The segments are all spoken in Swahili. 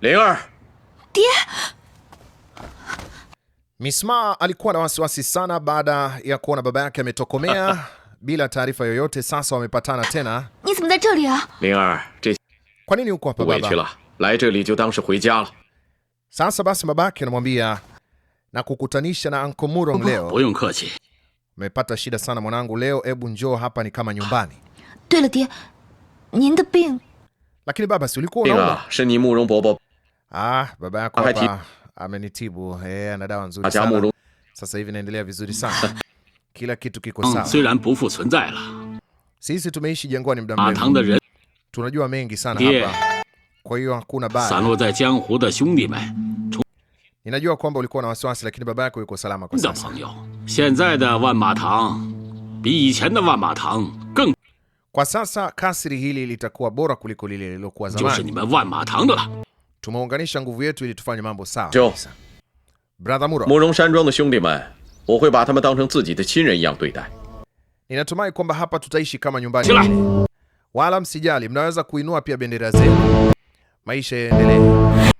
灵儿，爹。Misma alikuwa na wasiwasi sana baada ya kuona baba yake ametokomea bila taarifa yoyote. Sasa wamepatana tena. kwa nini uko hapa baba? Sasa basi yake anamwambia na kukutanisha na Uncle Murong leo. Mepata shida sana mwanangu leo, ebu njoo hapa, ni kama nyumbani. Lakini baba, si ulikuwa unaona? Ah, baba yako hapa amenitibu, eh, ana dawa nzuri sana. Sasa hivi naendelea vizuri sana. Ah. Kila kitu kiko mm, sawa. Sisi tumeishi jangwani muda ah, mrefu. Tunajua mengi sana hapa. Kwa hiyo hakuna baya. Ninajua kwamba ulikuwa na wasiwasi, lakini baba yako yuko salama kwa sasa. 现在的万马堂比以前的万马堂更。Kwa sasa kasri hili litakuwa bora kuliko lile lililokuwa zamani. Tumeunganisha nguvu yetu ili tufanye mambo sawa. Brother Muro. Murong Shanzhuang de xiongdi men, wo hui ba ta men dang cheng ziji de qinren yang dui dai. Ninatumai kwamba hapa tutaishi kama nyumbani. Wala msijali, mnaweza kuinua pia bendera zenu. Maisha yaendelee.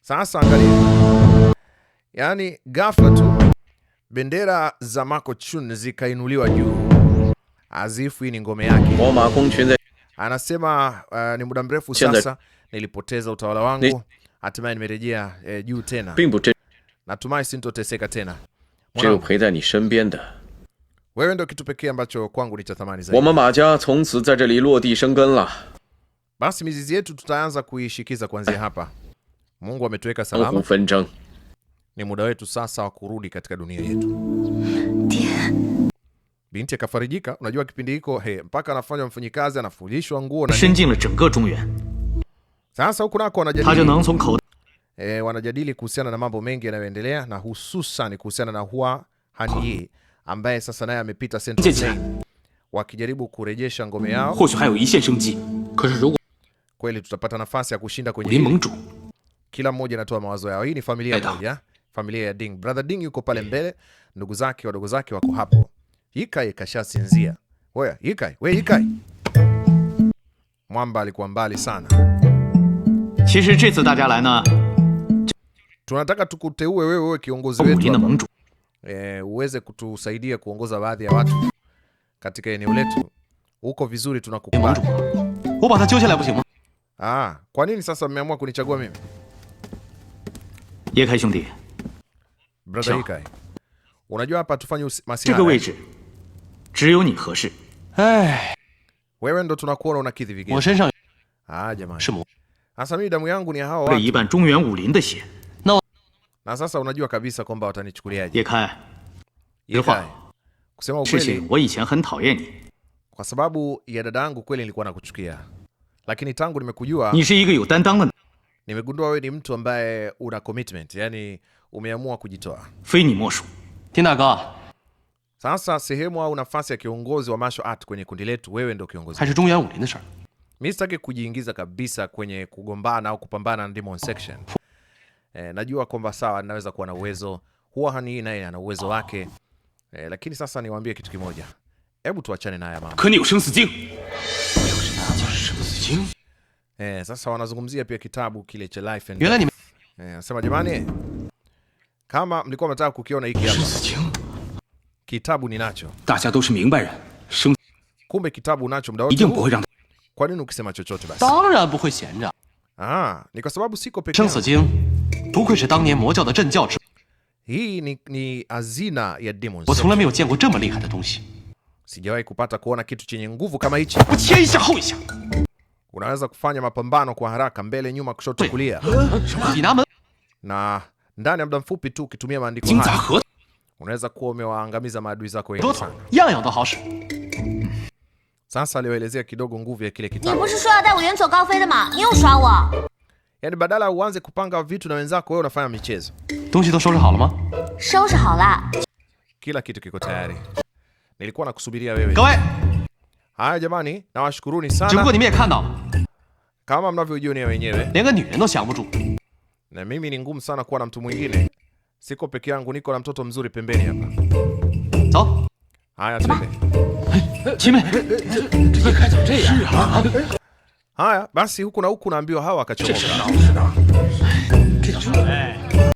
Sasa angalia. Yaani ghafla tu Bendera za Ma Kongqun zikainuliwa juu. Azifu, hii ni ngome yake. Anasema uh, ni muda mrefu sasa nilipoteza utawala wangu, hatimaye nimerejea eh, juu tena. Natumai sintoteseka tena. Wewe ndo kitu pekee ambacho kwangu ni cha thamani zaidi. Basi mizizi yetu tutaanza kuishikiza kuanzia hapa. Mungu ametuweka salama. Ni muda wetu sasa wa kurudi katika dunia yetu. Binti akafarijika. Unajua kipindi hiko he, mpaka anafanywa mfanyikazi, anafulishwa nguo na sasa huku nako wanajadili e, wanajadili kuhusiana na mambo mengi yanayoendelea na hususan kuhusiana na Hua Hanyi ambaye sasa naye amepita wakijaribu kurejesha ngome hmm. yao. Kweli tutapata nafasi ya kushinda kwenye kila mmoja anatoa mawazo yao. Hii ni familia moja familia ya Ding. Brother Ding yuko pale mm. mbele, ndugu zake wadogo zake wako hapo. Ikai kashasinzia. Oya, Ikai, we Ikai. Mwamba alikuwa mbali sana. Tunataka tukuteue wewe wewe kiongozi wetu. Eh, uweze kutusaidia kuongoza baadhi ya watu katika eneo letu. Uko vizuri tunakukubali. Ah, kwa nini sasa mmeamua kunichagua mimi? Brother Ikai, unajua hapa tufanye masiara. Wewe ndo tunakuona unakidhi vigezo. Ah, jamani. Sasa mimi damu yangu ni hao watu. Na sasa unajua kabisa kwamba watanichukuliaje. Ikai. Kusema ukweli, kwa sababu ya dada yangu kweli nilikuwa nakuchukia. Lakini tangu nimekujua, nimegundua wewe ni mtu ambaye una commitment, yani umeamua kujitoa. Sasa sehemu au nafasi ya kiongozi wa martial art kwenye kundi letu, wewe ndio kiongozi. Mimi sitaki kujiingiza kabisa kwenye kugombana au kupambana na Demon Section. E, najua kwamba sawa, naweza kuwa na uwezo huwa hani naye ana uwezo wake E, lakini sasa niwaambie kitu kimoja, hebu tuachane na haya mambo eh. Sasa wanazungumzia pia kitabu kile cha Life and Death. Eh, nasema jamani kama mlikuwa mnataka kukiona hiki hapa. Kitabu ninacho. Kumbe kitabu unacho muda wote. Kwa nini ukisema chochote basi? Ah, ni kwa sababu siko peke yangu. Hii ni, ni azina ya demons. Sijawahi kupata kuona kitu chenye nguvu kama hichi. Unaweza kufanya mapambano kwa haraka mbele, nyuma, kushoto, kulia. Na ndani ya muda mfupi tu ukitumia maandiko haya unaweza kuwa umewaangamiza maadui zako wengi sana. Sasa alioelezea kidogo nguvu ya kile kitabu. Yaani badala uanze kupanga vitu na wenzako wewe unafanya michezo. Kila kitu kiko tayari. Nilikuwa nakusubiria wewe. Haya jamani, nawashukuruni sana. Kama mnavyojionea wenyewe. 走。哎呀，怎么？哎，这这开成这样？是啊。哎呀，反正谁有困难，我们比划划，可就好了。这什么？这什么？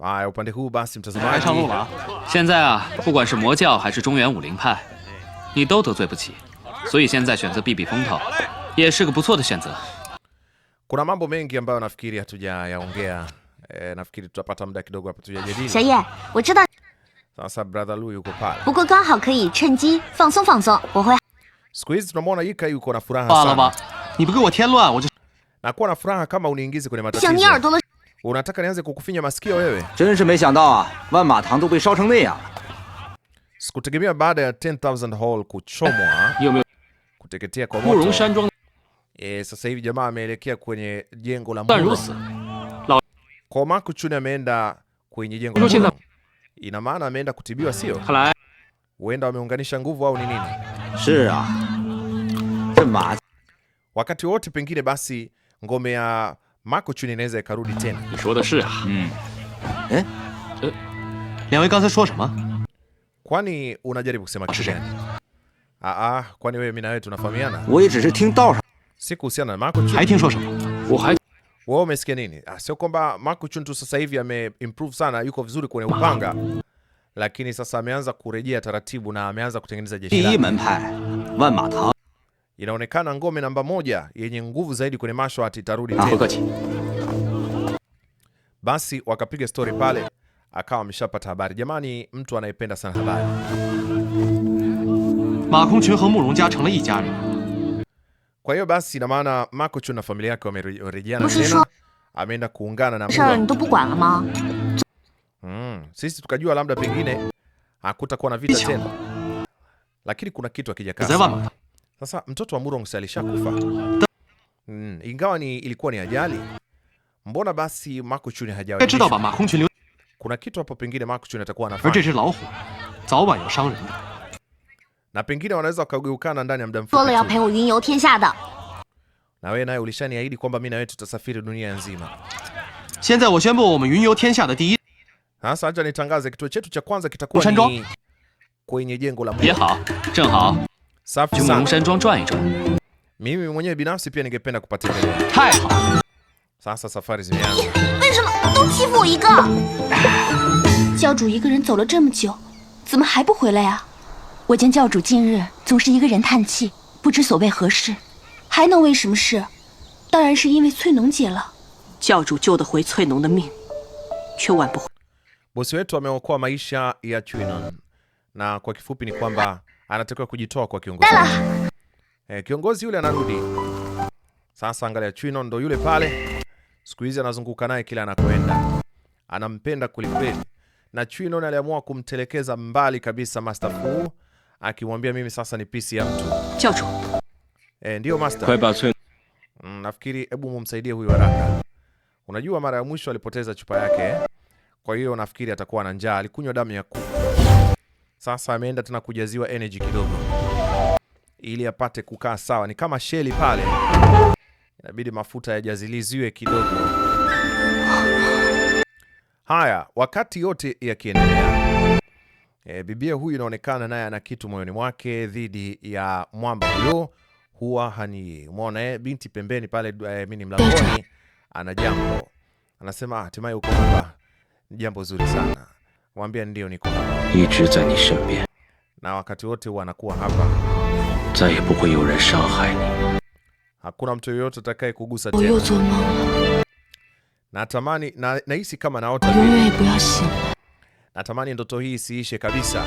哎，我把你胡巴。我们该上路了。现在啊，不管是魔教还是中原武林派，你都得罪不起，所以现在选择避避风头，也是个不错的选择。kuna mambo mengi ambayo nafikiri hatujayaongea. E, nafikiri tutapata muda kidogo hapa tujadili. Sasa brother Lu yuko pale. Siku hizi tunamwona Yika yuko na furaha sana. Nakuwa na furaha kama uniingizi kwenye matatizo. Unataka nianze kukufinya masikio wewe? Sikutegemea baada ya 10000 hall kuchomwa kuteketea kwa moto. E, sasa hivi jamaa ameelekea kwenye jengo la Muro. Koma Kuchuni ameenda kwenye jengo la Muro. Ina maana ameenda kutibiwa sio? Huenda wameunganisha nguvu au ni nini? Wakati wote pengine basi ngome ya Ma Kongqun inaweza ikarudi tena. Mm. Eh? Eh? Kwani unajaribu kusema kitu gani? Ah ah, kwani wewe mimi na wewe tunafahamiana? Sikuhusiana na Marco Chun. Oh, Wewe umesikia nini? Ah, sio kwamba Marco Chun tu sasa hivi ame improve sana, yuko vizuri kwenye upanga, lakini sasa ameanza kurejea taratibu na ameanza kutengeneza jeshi lake. Inaonekana ngome namba moja yenye nguvu zaidi kwenye martial arts itarudi ah, tena. Basi wakapiga story pale, akawa ameshapata habari. Jamani, mtu anayependa sana habari. Ma na Mu Kongqun 和慕容家成了一家人 kwa hiyo basi ina maana Makocho na familia yake wamerejeana tena, ameenda kuungana na mm. Sisi tukajua labda pengine hakutakuwa na vita tena, lakini kuna kitu hakijakaa. Sasa mtoto wa Murong alishakufa mm. Ingawa ni ilikuwa ni ajali, mbona basi Makocho hajawa kuna kitu hapo, pengine Makocho atakuwa anafanya na pengine wanaweza wakageukana ndani ya muda mfupi. Na wewe naye ulishaniahidi kwamba mimi na wewe tutasafiri dunia nzima. E. Sasa acha nitangaze kituo chetu cha kwanza kitakuwa ni kwenye jengo la Mimi mwenyewe binafsi pia ningependa kupatembelea. Sasa safari zimeanza. Xiao Zhu, 一个人走了这么久，怎么还不回来呀？我见教主近日总是一个人叹气，不知所谓何事，还能为什么事？当然是因为翠农姐了。教主救得回翠农的命，却挽不回。Bosi wetu ameokoa maisha ya Chuinon, na kwa kifupi ni kwamba anatakiwa kujitoa kwa kiongozi. Eh, kiongozi yule anarudi sasa. Angalia, Chuinon ndo yule pale, siku hizi anazunguka naye kila anakoenda, anampenda kwelikweli, na Chuinon aliamua kumtelekeza mbali kabisa Master Fu akimwambia mimi sasa ni pisi ya mtu. E, ndio master. Mm, nafikiri hebu mumsaidie huyu haraka. Unajua mara ya mwisho alipoteza chupa yake, kwa hiyo nafikiri atakuwa na njaa. Alikunywa damu ya kuku, sasa ameenda tena kujaziwa energy kidogo ili apate kukaa sawa. Ni kama sheli pale, inabidi mafuta yajaziliziwe kidogo. Haya, wakati yote yakiendelea E, bibia huyu inaonekana naye ana kitu moyoni mwake dhidi ya mwamba huyo, huwa hani umeona eh, binti pembeni pale e, eh, mimi mlangoni ana jambo, anasema ah, hatimaye uko hapa, ni jambo zuri sana. Mwambia ndio niko hapa, na wakati wote huwa anakuwa hapa, hakuna mtu yoyote atakaye kugusa tena. Natamani na nahisi kama naota natamani ndoto hii isiishe kabisa.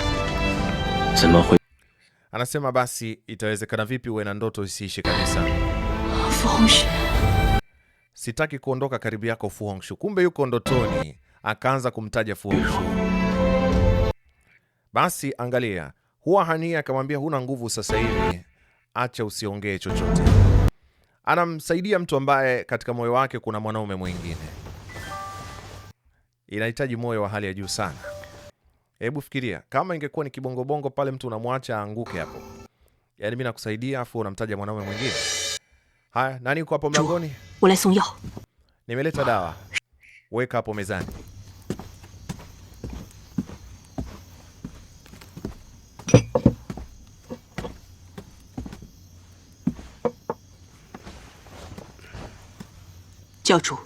Anasema basi itawezekana vipi uwe na ndoto isiishe kabisa? Sitaki kuondoka karibu yako Fu Hongxue. Kumbe yuko ndotoni, akaanza kumtaja Fu Hongxue. Basi angalia, huwa Hania akamwambia huna nguvu sasa hivi, acha usiongee chochote. Anamsaidia mtu ambaye katika moyo wake kuna mwanaume mwingine. Inahitaji moyo wa hali ya juu sana. Hebu fikiria kama ingekuwa ni kibongobongo pale, mtu unamwacha aanguke hapo. Yani mimi nakusaidia, afu unamtaja mwanaume mwingine. Haya, nani uko hapo mlangoni? Nimeleta dawa, weka hapo mezani. Jiao Chu,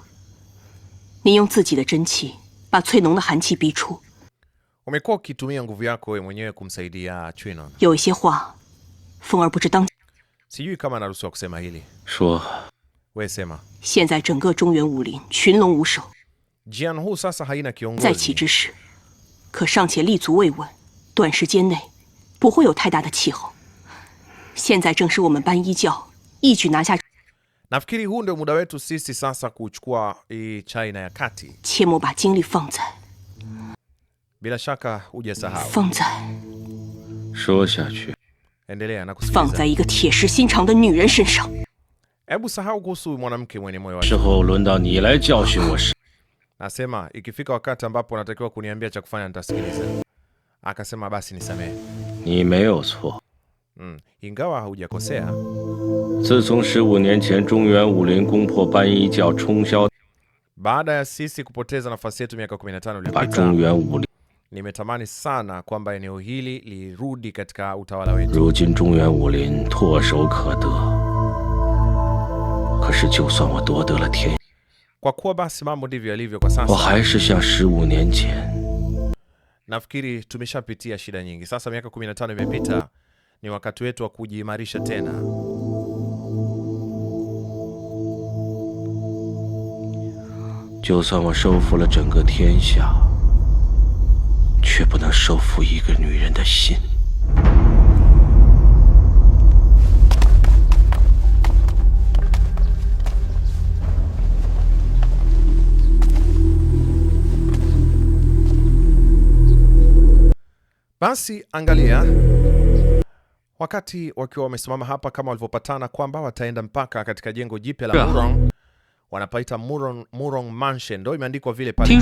ni yong zijiu de zhen ba Cui Nong de han bi chu Umekuwa ukitumia nguvu yako wewe mwenyewe kumsaidia Chino. Sijui kama naruhusiwa kusema hili. Wewe sema. Jianhu sasa haina kiongozi. Nafikiri huu ndio muda wetu sisi sasa kuchukua eh, China ya kati. Bila shaka hujasahau. Endelea na kusikiliza. Hebu sahau kuhusu mwanamke mwenye moyo wa Nasema ikifika wakati ambapo unatakiwa kuniambia cha kufanya nitasikiliza. Akasema basi nisamehe. Ni meyo Mm, ingawa haujakosea. Baada ya sisi kupoteza nafasi yetu miaka 15 iliyopita nimetamani sana kwamba eneo hili lirudi katika utawala wetu. Kwa kuwa basi mambo ndivyo yalivyo kwa sasa, nafikiri tumeshapitia shida nyingi. Sasa miaka 15 imepita, ni wakati wetu wa kujiimarisha tena. Jo, 却不能收服一个女人的心。Basi angalia, wakati wakiwa wamesimama hapa kama walivyopatana kwamba wataenda mpaka katika jengo jipya la Murong, wanapaita Murong Murong Mansion, ndio imeandikwa vile pale.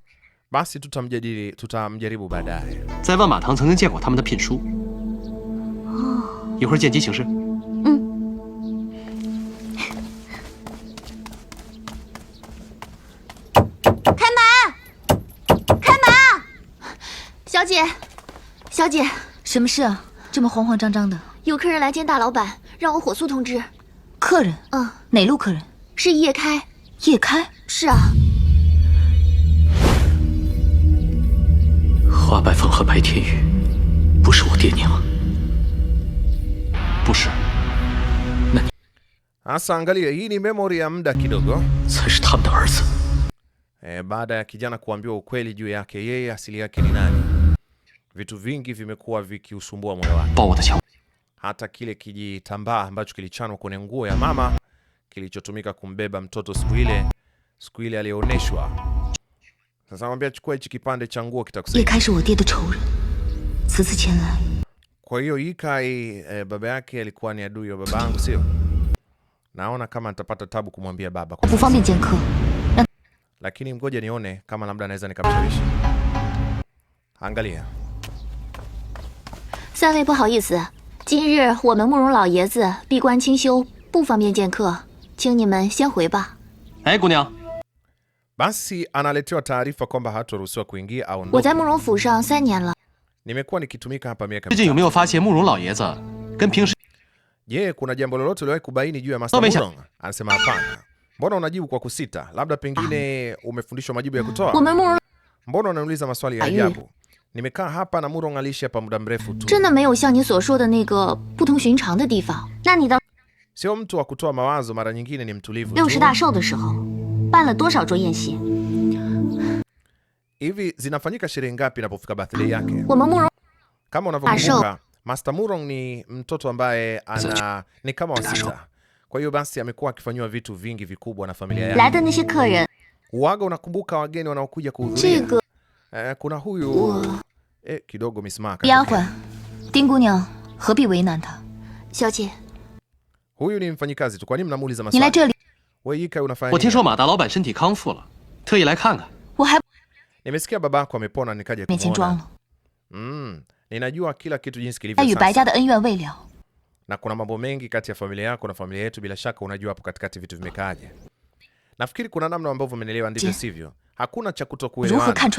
在万马堂曾经见过他们的聘书，一会儿见机行事。嗯。开门！开门！小姐，小姐，什么事啊？这么慌慌张张的？有客人来见大老板，让我火速通知。客人？嗯，哪路客人？是叶开。叶开？是啊。花白凤和白天宇不是我爹娘，不是。那你 Asa hii ni memory ya muda kidogo baada ya kijana kuambiwa ukweli juu yake yeye asili yake ni nani, vitu vingi vimekuwa vikiusumbua moyo wake, hata kile kijitambaa ambacho kilichanwa kwenye nguo ya mama kilichotumika kumbeba mtoto siku ile siku ile aliyoonyeshwa 一开始我爹的仇人，此次前来。欢迎各位，爸爸，爷爷，来坐。爸，您坐。那我那，咱们把这桌子搬给爸爸。不方便见客。嗯。但你们哥几个呢？咱们来把那家里的东西收拾收拾。安哥里。三位不好意思，今日我们慕容老爷子闭关清修，不方便见客，请你们先回吧。哎，姑娘。basi analetewa taarifa kwamba hatoruhusiwa kuingia au nimekuwa nikitumika hapa miaka. Je, kuna jambo lolote uliwahi kubaini juu ya Master Murong? Anasema hapana. Mbona unajibu kwa kusita? Labda pengine umefundishwa majibu ya kutoa. Mbona unaniuliza maswali ya ajabu? Nimekaa hapa na Murong aliishi hapa muda mrefu tu. Sio mtu wa kutoa mawazo, mara nyingine ni mtulivu tu. 办了多少桌宴席？Hivi zinafanyika sherehe ngapi inapofika birthday yake? Kama ah, unavyokumbuka, Master Murong ni mtoto ambaye ana ni kama wasita. Ah, kwa hiyo basi amekuwa akifanywa vitu vingi vikubwa na familia yake. Waga, unakumbuka wageni wanaokuja kuhudhuria. Eh, kuna huyu eh, kidogo misimaka. Huyu ni mfanyikazi tu, kwa nini mnamuuliza maswali? 我听说马达老板身体康复了，特意来看看。我还 nimesikia babako amepona nikaja kumuona. Mm, ninajua kila kitu jinsi kilivyo sasa. Na kuna mambo mengi kati ya familia yako na familia yetu, bila shaka unajua hapo katikati vitu vimekaaje. Nafikiri kuna namna ambavyo umenielewa, ndivyo sivyo? Hakuna cha kutokuelewana.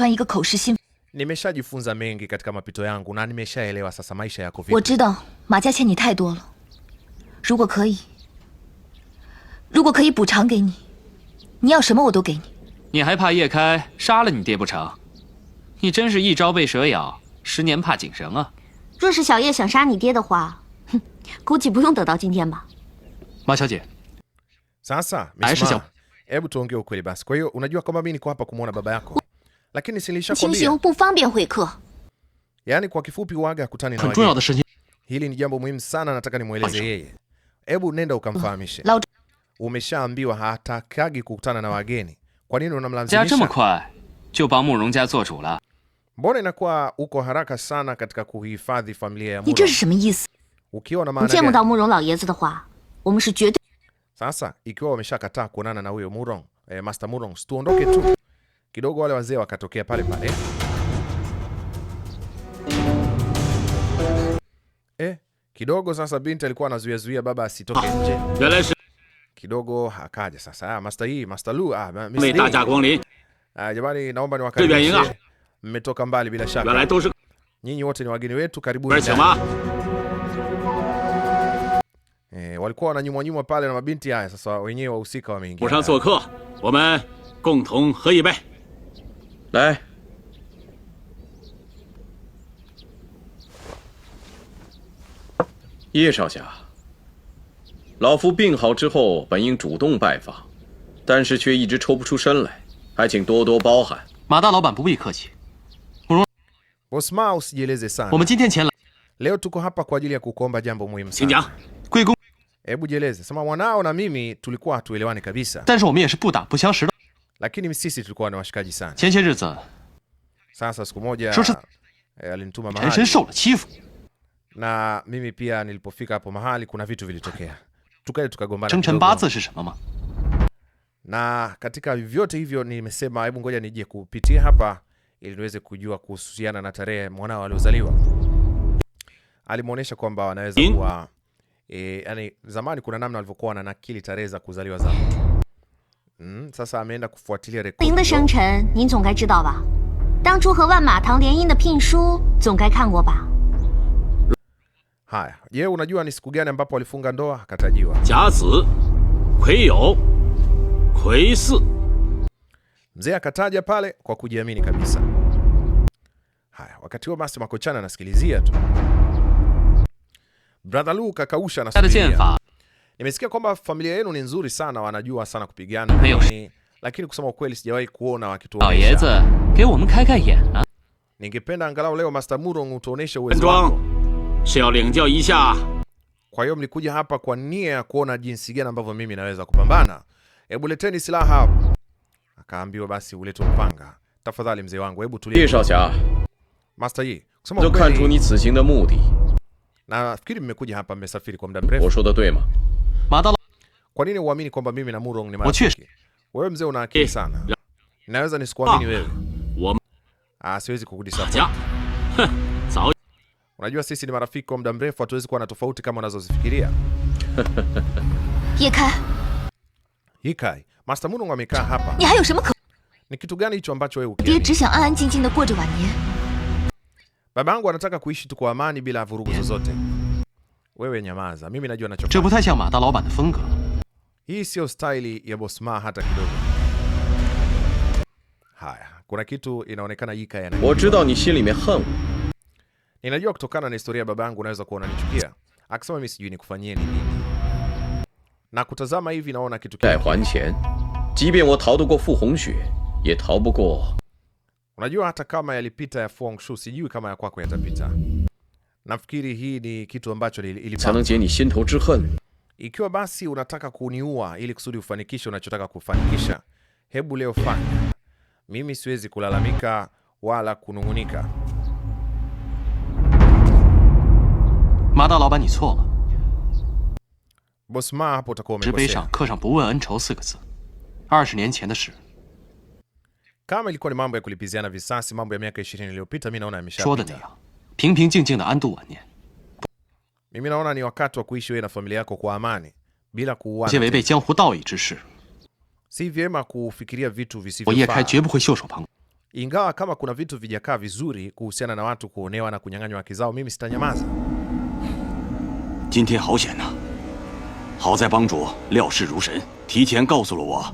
Nimeshajifunza mengi katika mapito yangu na nimeshaelewa sasa maisha yako vipi. 如果可以补偿给你，你要什么我都给你。你还怕叶开杀了你爹不成？你真是一朝被蛇咬，十年怕井绳啊！若是小叶想杀你爹的话，哼，估计不用等到今天吧。马小姐，啥事啊？没事，没事。青修不方便会客。很重要的事情。老。umeshaambiwa hatakagi kukutana na wageni, kwa nini unamlazimisha? Mbona inakuwa uko haraka sana katika kuhifadhi familia ya Ukiwa na maana gani? Sasa ikiwa wameshakataa kuonana na huyo Murong, eh, Master Murong, situondoke tu kidogo. Wale wazee wakatokea pale pale. Eh, kidogo sasa binti alikuwa anazuiazuia baba asitoke nje. 各位大驾光临，这远迎啊！原来都是。快请吧。府上做客，我们共同喝一杯。来，叶少侠。老夫病好之后，本应主动拜访，但是却一直抽不出身来，还请多多包涵。马大老板不必客气。我们今天前来，请讲。贵公。但是我们也是不打不相识的。前些日子，说是陈神受了欺负。tukae tukagombana. Chengchen bazi shi shenme ma? Na katika vyote hivyo nimesema hebu ngoja nije kupitia hapa ili niweze kujua kuhusiana na tarehe mwanao aliozaliwa. Alimuonesha kwamba anaweza kuwa E, yani zamani kuna namna walivyokuwa ananakili tarehe za kuzaliwa za mtu. Mm, sasa ameenda kufuatilia rekodi. Ning de Shengchen, nin zong gai zhidao ba. Dang chu he Wanma Tang Dianying de pinshu zong gai kan guo ba. Haya, je, unajua ni siku gani ambapo walifunga ndoa? Akatajiwa jazi kuiyo kweisi. Mzee akataja pale kwa kujiamini kabisa. Haya, wakati huo basi Makochana anasikilizia tu. Brother kakausha na sasa. Nimesikia kwamba familia yenu ni nzuri sana, wanajua sana kupigana lakini, lakini kusema ukweli sijawahi kuona wakituonyesha. Oh, Ningependa angalau leo Master Murong utuoneshe uwezo wako. Kwa hiyo mlikuja hapa kwa nia ya kuona jinsi gani ambavyo mimi naweza kupambana. Hebu leteni silaha Akaambiwa basi ulete mpanga. Tafadhali mzee wangu, hebu tulia. Master Yi, kusema kweli nafikiri mmekuja hapa mmesafiri kwa muda mrefu. Kwa nini uamini kwamba mimi na Murong ni marafiki? Wewe mzee una akili eh. sana. Naweza nisikuamini ah. wewe. Ah, siwezi kukudisappoint. Unajua sisi ni marafiki kwa muda mrefu, hatuwezi kuwa na tofauti kama unazozifikiria. Hikai, Master Murungu amekaa hapa. Ni kitu gani hicho ambacho wewe Baba yangu anataka kuishi tu kwa amani bila vurugu zozote. Wewe nyamaza. Mimi najua ninachofanya. Hii sio staili ya Boss Ma hata kidogo. Haya, kuna kitu inaonekana Yikai anajua. Ninajua kutokana na historia ya yangu unaweza kuona nichukia. Akasema mimi sijui nikufanyie nini. Na kutazama hivi naona kitu kile. Unajua hata kama yalipita ya Fu Hongxue sijui kama ya kwako yatapita. Nafikiri hii ni kitu ambacho ilipata. Ikiwa basi unataka kuniua ili kusudi ufanikishe unachotaka kufanikisha, hebu leo fanya. Mimi siwezi kulalamika wala kunungunika. 马大老板，你错了。Boss Ma hapo ilikuwa ni mambo ya kulipiziana visasi, mambo ya miaka 20 iliyopita, naona Mimi naona ni wakati wa kuishi wewe na familia yako kwa amani bila kuuana. Si vyema kufikiria vitu visivyofaa. Ingawa kama kuna vitu vijakaa vizuri kuhusiana na watu kuonewa na kunyang'anywa haki zao, mimi sitanyamaza. 今天好险呐！好在帮主料事如神，提前告诉了我。